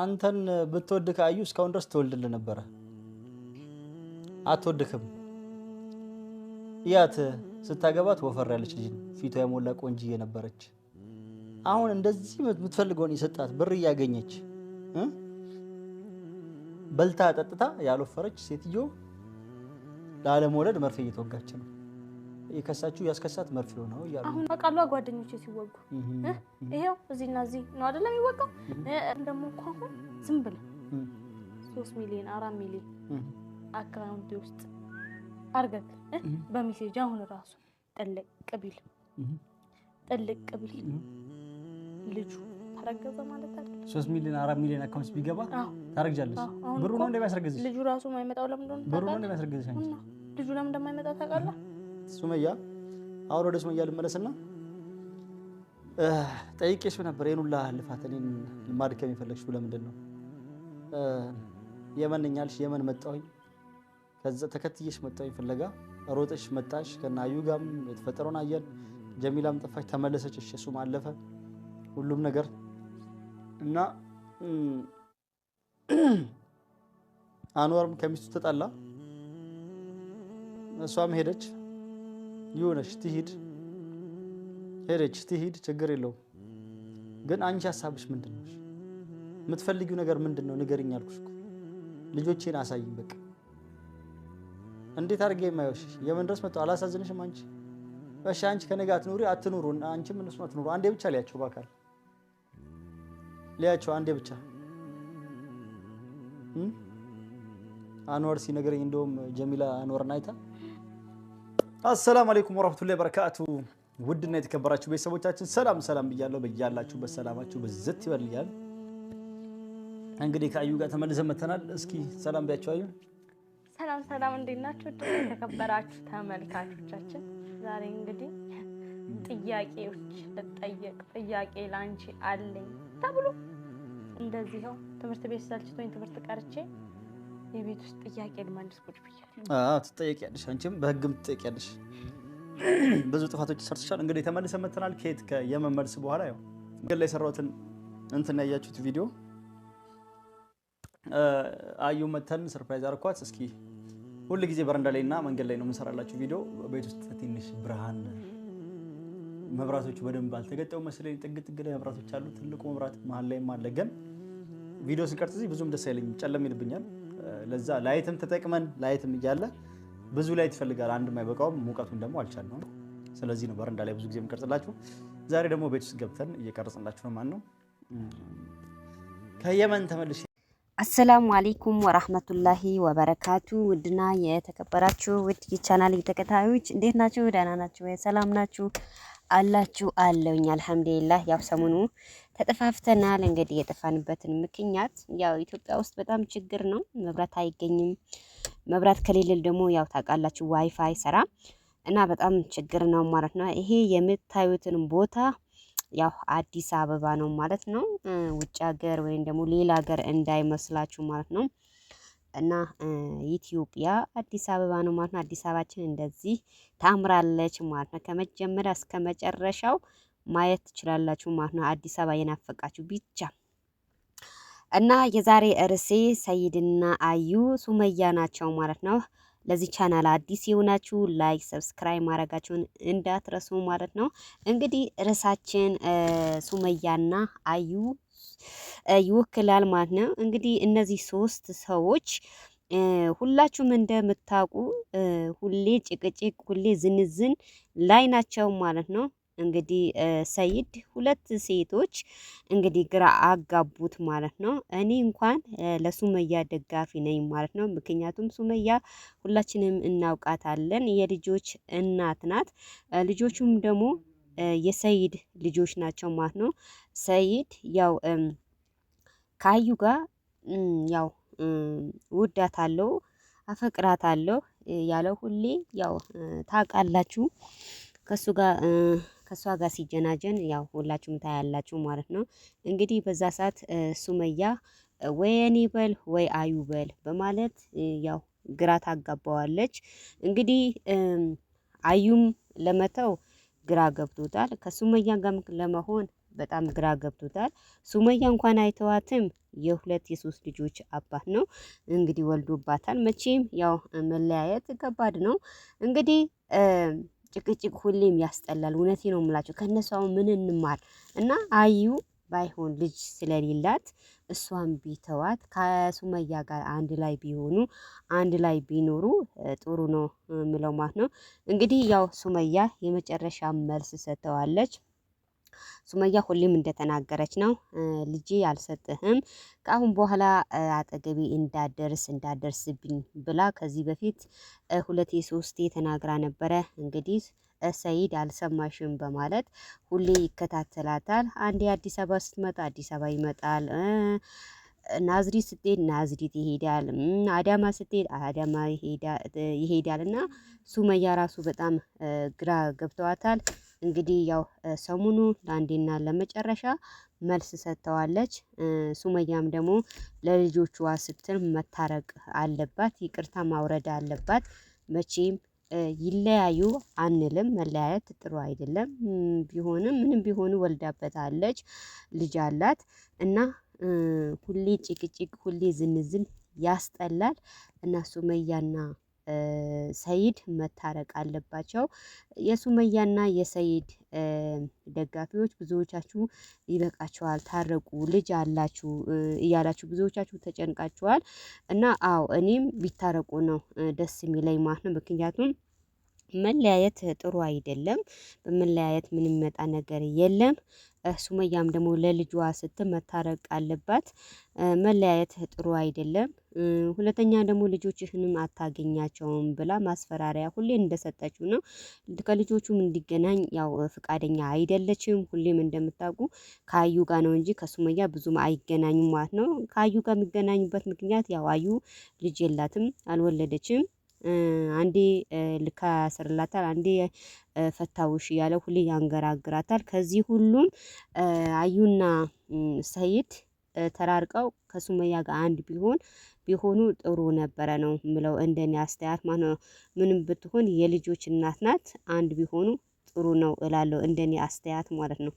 አንተን ብትወድ ከአዩ እስካሁን ድረስ ትወልድልህ ነበረ። አትወድክም። እያት ስታገባት ወፈር ያለች ልጅ ፊቷ የሞላ ቆንጂ የነበረች አሁን እንደዚህ የምትፈልገውን የሰጣት ብር እያገኘች በልታ ጠጥታ ያልወፈረች ሴትዮ ላለመውለድ መርፌ እየተወጋች ነው። የከሳችሁ ያስከሳት መርፌው ነው እያሉ አሁን በቃሉ ጓደኞቼ ሲወጉ ይሄው እዚህና እዚህ ነው አደለ የሚወጋው። ደግሞ እኮ አሁን ዝም ብለ ሶስት ሚሊዮን አራት ሚሊዮን አካውንት ውስጥ አርገት በሚሴጅ አሁን ራሱ ጥልቅ ቅቢል ጥልቅ ቅቢል ልጁ ታረገዘ ማለት አይደል? ሶስት ሚሊዮን አራት ሚሊዮን አካውንት ቢገባ ታረግጃለሽ። ብሩ ነው እንደሚያስረግዝሽ ልጁ ራሱ የማይመጣው ለምንድን ነው? ብሩ ነው እንደሚያስረግዝሽ ልጁ ለምን እንደማይመጣ ታውቃለህ? ሱመያ አሁን ወደ ሱመያ ልመለስና ጠይቄሽ ነበር። የኑላ ልፋት እኔን ማድከም የፈለግሽ ለምንድን ነው? የመን ነኝ አልሽ። የመን መጣሁኝ፣ ከዛ ተከትዬሽ መጣሁኝ ፍለጋ ሮጠሽ መጣሽ። ከና አዩጋም የተፈጠረውን አየን። ጀሚላም ጠፋች፣ ተመለሰች። እሺ እሱም አለፈ ሁሉም ነገር እና አንዋርም ከሚስቱ ተጣላ፣ እሷም ሄደች። ይሆነሽ ትሂድ፣ ሄደች ትሂድ፣ ችግር የለውም። ግን አንቺ ሀሳብሽ ምንድን ነው? የምትፈልጊው ነገር ምንድን ነው? ንገርኝ አልኩሽ። ልጆቼን አሳይኝ። በቃ እንዴት አድርጌ የማይወሽ የምን ድረስ መጥቶ አላሳዝንሽም? አንቺ በሻ አንቺ ከነጋ አትኑሪ አትኑሩ፣ አንቺም እነሱ አትኑሩ። አንዴ ብቻ ሊያቸው፣ በአካል ሊያቸው አንዴ ብቻ። አንወር ሲነገረኝ እንደውም ጀሚላ አንዋርን አይታ አሰላም አለይኩም ወራህመቱላሂ በረካቱ ውድና የተከበራችሁ ቤተሰቦቻችን ሰላም ሰላም ብያለሁ። በያላችሁበት ሰላማችሁ ብዝት ይበል እያል እንግዲህ ከአዩ ጋር ተመልሰን መተናል። እስኪ ሰላም ቢያችሁ አዩ። ሰላም ሰላም፣ እንዴት ናችሁ? የተከበራችሁ ተመልካቾቻችን ዛሬ እንግዲህ ጥያቄዎች ልጠየቅ ጥያቄ ላንቺ አለኝ ተብሎ እንደዚህው ትምህርት ቤት ሰልችቶኝ ትምህርት ቀርቼ የቤት ውስጥ ጥያቄ ልመልስ ቁጭ ብያለሁ። ትጠየቂያለሽ፣ አንቺም በህግም ትጠየቂያለሽ። ብዙ ጥፋቶች ሰርተሻል። እንግዲህ ተመልሰን መተናል። ከየት ከየመን መልስ በኋላ ያው መንገድ ላይ የሰራሁትን እንትን ያያችሁት ቪዲዮ አዩ መተን ሰርፕራይዝ አርኳት። እስኪ ሁል ጊዜ በረንዳ ላይ እና መንገድ ላይ ነው የምንሰራላችሁ ቪዲዮ። ቤት ውስጥ ትንሽ ብርሃን መብራቶቹ በደንብ አልተገጠሙ መስለኝ። ጥግ ጥግ ላይ መብራቶች አሉ። ትልቁ መብራት መሀል ላይ አለ። ግን ቪዲዮ ስንቀርጽ እዚህ ብዙም ደስ አይለኝም፣ ጨለም ይልብኛል። ለዛ ላይትም ተጠቅመን ላይትም እያለ ብዙ ላይ ትፈልጋል። አንድ የማይበቃውም ሙቀቱን ደግሞ አልቻልነውም። ስለዚህ ነው በረንዳ ላይ ብዙ ጊዜ የምንቀርጽላችሁ። ዛሬ ደግሞ ቤት ውስጥ ገብተን እየቀረጽንላችሁ ነው። ማን ነው ከየመን ተመልሼ። አሰላሙ አሌይኩም ወራህመቱላሂ ወበረካቱ። ውድና የተከበራችሁ ውድ የቻናል ተከታዮች እንዴት ናችሁ? ደህና ናችሁ? ሰላም ናችሁ አላችሁ? አለውኝ አልሐምዱሊላህ። ያው ሰሞኑ ተጠፋፍተናል። እንግዲህ የጠፋንበትን ምክንያት ያው ኢትዮጵያ ውስጥ በጣም ችግር ነው፣ መብራት አይገኝም። መብራት ከሌለ ደግሞ ያው ታውቃላችሁ ዋይፋይ ሰራ እና በጣም ችግር ነው ማለት ነው። ይሄ የምታዩትን ቦታ ያው አዲስ አበባ ነው ማለት ነው። ውጭ ሀገር ወይም ደግሞ ሌላ ሀገር እንዳይመስላችሁ ማለት ነው። እና ኢትዮጵያ አዲስ አበባ ነው ማለት ነው። አዲስ አበባችን እንደዚህ ታምራለች ማለት ነው ከመጀመሪያ እስከ መጨረሻው ማየት ትችላላችሁ ማለት ነው። አዲስ አበባ የናፈቃችሁ ብቻ እና የዛሬ ርዕሴ ሰይድና አዩ ሱመያ ናቸው ማለት ነው። ለዚህ ቻናል አዲስ የሆናችሁ ላይክ፣ ሰብስክራይብ ማድረጋችሁን እንዳትረሱ ማለት ነው። እንግዲህ ርዕሳችን ሱመያና አዩ ይወክላል ማለት ነው። እንግዲህ እነዚህ ሶስት ሰዎች ሁላችሁም እንደምታውቁ ሁሌ ጭቅጭቅ፣ ሁሌ ዝንዝን ላይ ናቸው ማለት ነው። እንግዲህ ሰይድ ሁለት ሴቶች እንግዲህ ግራ አጋቡት ማለት ነው። እኔ እንኳን ለሱመያ ደጋፊ ነኝ ማለት ነው። ምክንያቱም ሱመያ ሁላችንም እናውቃታለን፣ የልጆች እናት ናት። ልጆቹም ደግሞ የሰይድ ልጆች ናቸው ማለት ነው። ሰይድ ያው ካዩ ጋር ያው አፈቅራት አፈቅራታለሁ ያለው ሁሌ ያው ታውቃላችሁ ከእሱ ጋር ከእሷ ጋር ሲጀናጀን ያው ሁላችሁም ታያላችሁ ማለት ነው። እንግዲህ በዛ ሰዓት ሱመያ ወይ እኔ በል ወይ አዩ በል በማለት ያው ግራ ታጋባዋለች። እንግዲህ አዩም ለመተው ግራ ገብቶታል። ከሱመያ ጋር ለመሆን በጣም ግራ ገብቶታል። ሱመያ እንኳን አይተዋትም። የሁለት የሶስት ልጆች አባት ነው እንግዲህ ወልዶባታል። መቼም ያው መለያየት ከባድ ነው እንግዲህ ጭቅጭቅ ሁሌም ያስጠላል። እውነቴ ነው የምላቸው ከእነሱ አሁን ምን እንማር እና አዩ ባይሆን ልጅ ስለሌላት እሷን ቢተዋት ከሱመያ ጋር አንድ ላይ ቢሆኑ አንድ ላይ ቢኖሩ ጥሩ ነው ምለው ማለት ነው። እንግዲህ ያው ሱመያ የመጨረሻ መልስ ሰጥተዋለች። ሱመያ ሁሌም እንደተናገረች ነው ልጄ አልሰጥህም፣ ከአሁን በኋላ አጠገቤ እንዳደርስ እንዳደርስብኝ ብላ ከዚህ በፊት ሁለቴ ሶስቴ ተናግራ ነበረ። እንግዲህ ሰይድ አልሰማሽም በማለት ሁሌ ይከታተላታል። አንዴ አዲስ አበባ ስትመጣ አዲስ አበባ ይመጣል። ናዝሪት ስትሄድ ናዝሪት ይሄዳል። አዳማ ስትሄድ አዳማ ይሄዳል። እና ሱመያ ራሱ በጣም ግራ ገብተዋታል። እንግዲህ ያው ሰሞኑ ለአንዴና ለመጨረሻ መልስ ሰጥተዋለች። ሱመያም ደግሞ ለልጆቿ ስትል መታረቅ አለባት፣ ይቅርታ ማውረድ አለባት። መቼም ይለያዩ አንልም፣ መለያየት ጥሩ አይደለም። ቢሆንም ምንም ቢሆኑ ወልዳበታለች፣ ልጅ አላት እና ሁሌ ጭቅጭቅ፣ ሁሌ ዝንዝን ያስጠላል እና ሱመያና ሰይድ መታረቅ አለባቸው። የሱመያና የሰይድ ደጋፊዎች ብዙዎቻችሁ ይበቃችኋል፣ ታረቁ፣ ልጅ አላችሁ እያላችሁ ብዙዎቻችሁ ተጨንቃችኋል። እና አዎ እኔም ቢታረቁ ነው ደስ የሚለኝ ማለት ነው። ምክንያቱም መለያየት ጥሩ አይደለም። በመለያየት ምንም መጣ ነገር የለም። ሱመያም ደግሞ ለልጇ ስትል መታረቅ አለባት። መለያየት ጥሩ አይደለም። ሁለተኛ ደግሞ ልጆችህንም አታገኛቸውም ብላ ማስፈራሪያ ሁሌ እንደሰጠችው ነው። ከልጆቹም እንዲገናኝ ያው ፍቃደኛ አይደለችም። ሁሌም እንደምታውቁ ከአዩ ጋር ነው እንጂ ከሱመያ ብዙም አይገናኙም ማለት ነው። ከአዩ ጋር የሚገናኙበት ምክንያት ያው አዩ ልጅ የላትም፣ አልወለደችም። አንዴ ልካ ስርላታል፣ አንዴ ፈታውሽ እያለ ሁሌ ያንገራግራታል። ከዚህ ሁሉም አዩና ሰይድ ተራርቀው ከሱመያ ጋር አንድ ቢሆን ቢሆኑ ጥሩ ነበረ ነው ምለው፣ እንደኔ አስተያየት ማለት ነው። ምንም ብትሆን የልጆች እናት ናት። አንድ ቢሆኑ ጥሩ ነው እላለሁ፣ እንደኔ አስተያየት ማለት ነው።